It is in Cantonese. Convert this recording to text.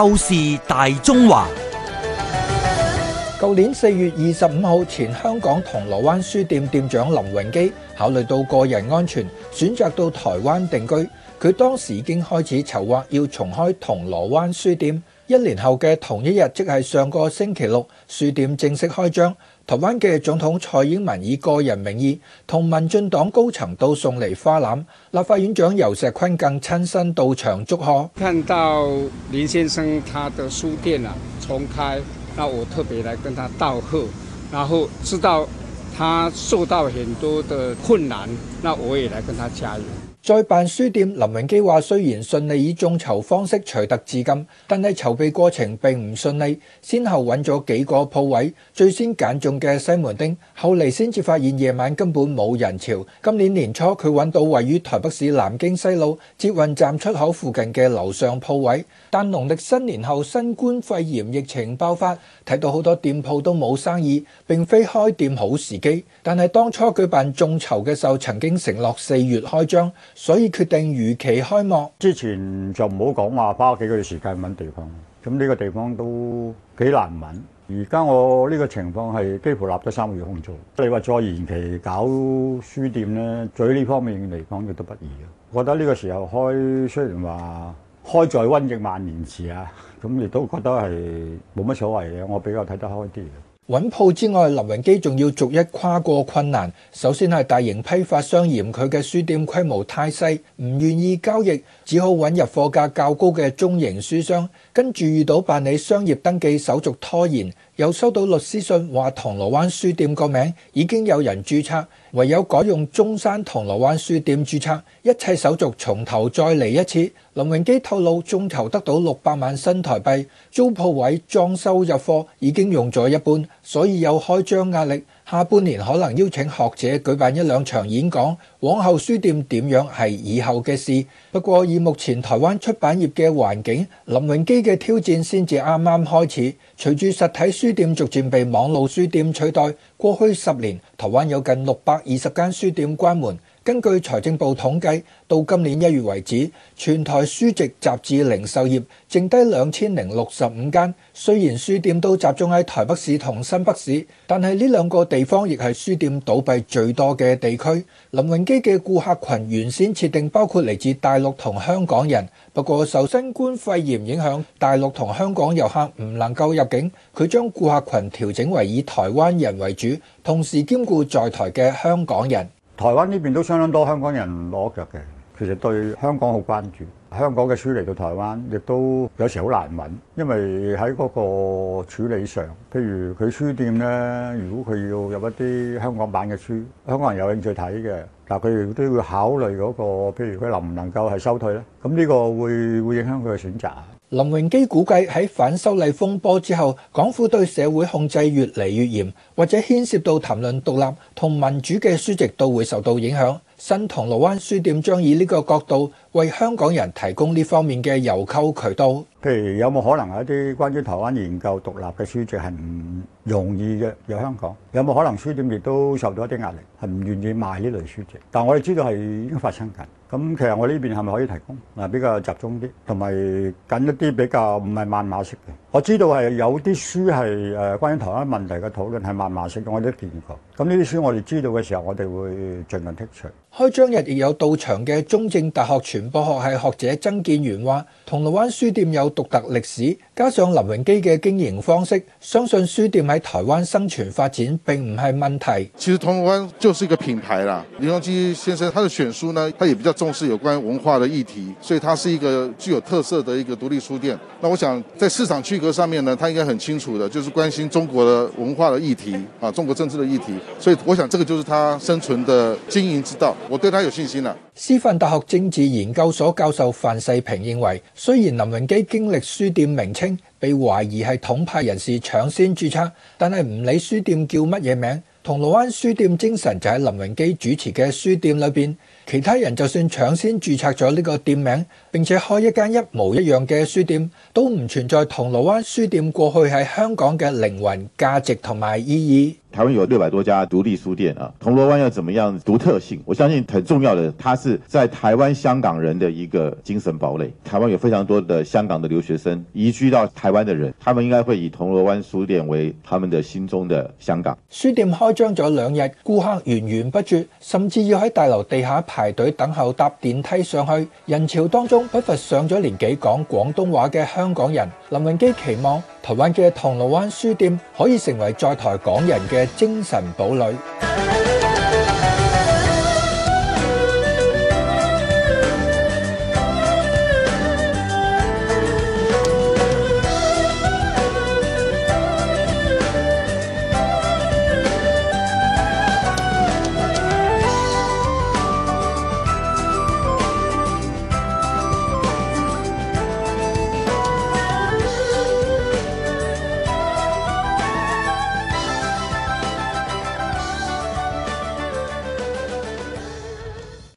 透視大中華。舊年四月二十五號前，香港銅鑼灣書店店長林榮基考慮到個人安全，選擇到台灣定居。佢當時已經開始籌劃要重開銅鑼灣書店。一年後嘅同一日，即係上個星期六，書店正式開張。台灣嘅總統蔡英文以個人名義同民進黨高層都送嚟花籃，立法院長游錫堃更親身到場祝賀。看到林先生他的書店啊重開，那我特別來跟他道賀，然後知道他受到很多的困難，那我也來跟他加油。再辦書店，林榮基話：雖然順利以眾籌方式取得資金，但係籌備過程並唔順利，先後揾咗幾個鋪位，最先揀中嘅西門町，後嚟先至發現夜晚根本冇人潮。今年年初佢揾到位於台北市南京西路捷運站出口附近嘅樓上鋪位，但農曆新年後新冠肺炎疫情爆發，睇到好多店鋪都冇生意，並非開店好時機。但係當初舉辦眾籌嘅時候，曾經承諾四月開張。所以決定如期開幕。之前就唔好講話花幾個月時間揾地方，咁呢個地方都幾難揾。而家我呢個情況係幾乎立咗三個月空倉。你話再延期搞書店咧，喺呢方面嚟講亦都不易嘅。我覺得呢個時候開，雖然話開在瘟疫萬年時啊，咁亦都覺得係冇乜所謂嘅。我比較睇得開啲嘅。揾鋪之外，林榮基仲要逐一跨過困難。首先係大型批發商嫌佢嘅書店規模太細，唔願意交易，只好揾入貨價較高嘅中型書商。跟住遇到辦理商業登記手續拖延，又收到律師信話銅鑼灣書店個名已經有人注冊，唯有改用中山銅鑼灣書店注冊，一切手續從頭再嚟一次。林榮基透露，眾籌得到六百萬新台幣，租鋪位裝修入貨已經用咗一半，所以有開張壓力。下半年可能邀請學者舉辦一兩場演講，往後書店點樣係以後嘅事。不過以目前台灣出版業嘅環境，林榮基嘅挑戰先至啱啱開始。隨住實體書店逐漸被網路書店取代，過去十年台灣有近六百二十間書店關門。根據財政部統計，到今年一月為止，全台書籍雜誌零售業剩低兩千零六十五間。雖然書店都集中喺台北市同新北市，但係呢兩個地方亦係書店倒閉最多嘅地區。林榮基嘅顧客群原先設定包括嚟自大陸同香港人，不過受新冠肺炎影響，大陸同香港遊客唔能夠入境，佢將顧客群調整為以台灣人為主，同時兼顧在台嘅香港人。台灣呢邊都相當多香港人落腳嘅，其實對香港好關注。香港嘅書嚟到台灣，亦都有時好難揾，因為喺嗰個處理上，譬如佢書店呢，如果佢要入一啲香港版嘅書，香港人有興趣睇嘅，但佢亦都要考慮嗰個，譬如佢能唔能夠係收退呢？咁呢個會會影響佢嘅選擇。林榮基估計喺反修例風波之後，港府對社會控制越嚟越嚴，或者牽涉到談論獨立同民主嘅書籍都會受到影響。新銅鑼灣書店將以呢個角度為香港人提供呢方面嘅郵購渠道。譬如有冇可能係一啲關於台灣研究獨立嘅書籍，係唔容易嘅喺香港？有冇可能書店亦都受到一啲壓力，係唔願意賣呢類書籍？但係我哋知道係已經發生緊。咁其實我呢邊係咪可以提供？嗱，比較集中啲，同埋緊一啲比較唔係謾罵式嘅。我知道係有啲書係誒關於台灣問題嘅討論係謾罵式嘅，我都有見過。咁呢啲書我哋知道嘅時候，我哋會盡量剔除。開張日亦有到場嘅中正大學傳播學系學者曾建元話，銅鑼灣書店有獨特歷史。加上林榮基嘅經營方式，相信書店喺台灣生存發展並唔係問題。其實銅鑼灣就是一個品牌啦。林榮基先生，他的選書呢，他也比較重視有關文化的議題，所以他是一個具有特色的一個獨立書店。那我想在市場區隔上面呢，他應該很清楚的，就是關心中國的文化的議題啊，中國政治的議題。所以我想，這個就是他生存的經營之道。我對他有信心啦。師範大學政治研究所教授范世平認為，雖然林榮基經歷書店名稱被懷疑係統派人士搶先註冊，但係唔理書店叫乜嘢名，銅鑼灣書店精神就喺林榮基主持嘅書店裏邊。其他人就算搶先註冊咗呢個店名，並且開一間一模一樣嘅書店，都唔存在銅鑼灣書店過去喺香港嘅靈魂、價值同埋意義。台灣有六百多家獨立書店啊，銅鑼灣要怎麼樣獨特性？我相信很重要的，它是在台灣香港人的一個精神堡壘。台灣有非常多的香港的留學生移居到台灣的人，他們應該會以銅鑼灣書店為他們的心中的香港。書店開張咗兩日，顧客源源不絕，甚至要喺大樓地下排隊等候搭電梯上去。人潮當中不乏上咗年紀講廣東話嘅香港人。林榮基期望台灣嘅銅鑼灣書店可以成為在台港人嘅。精神堡壘。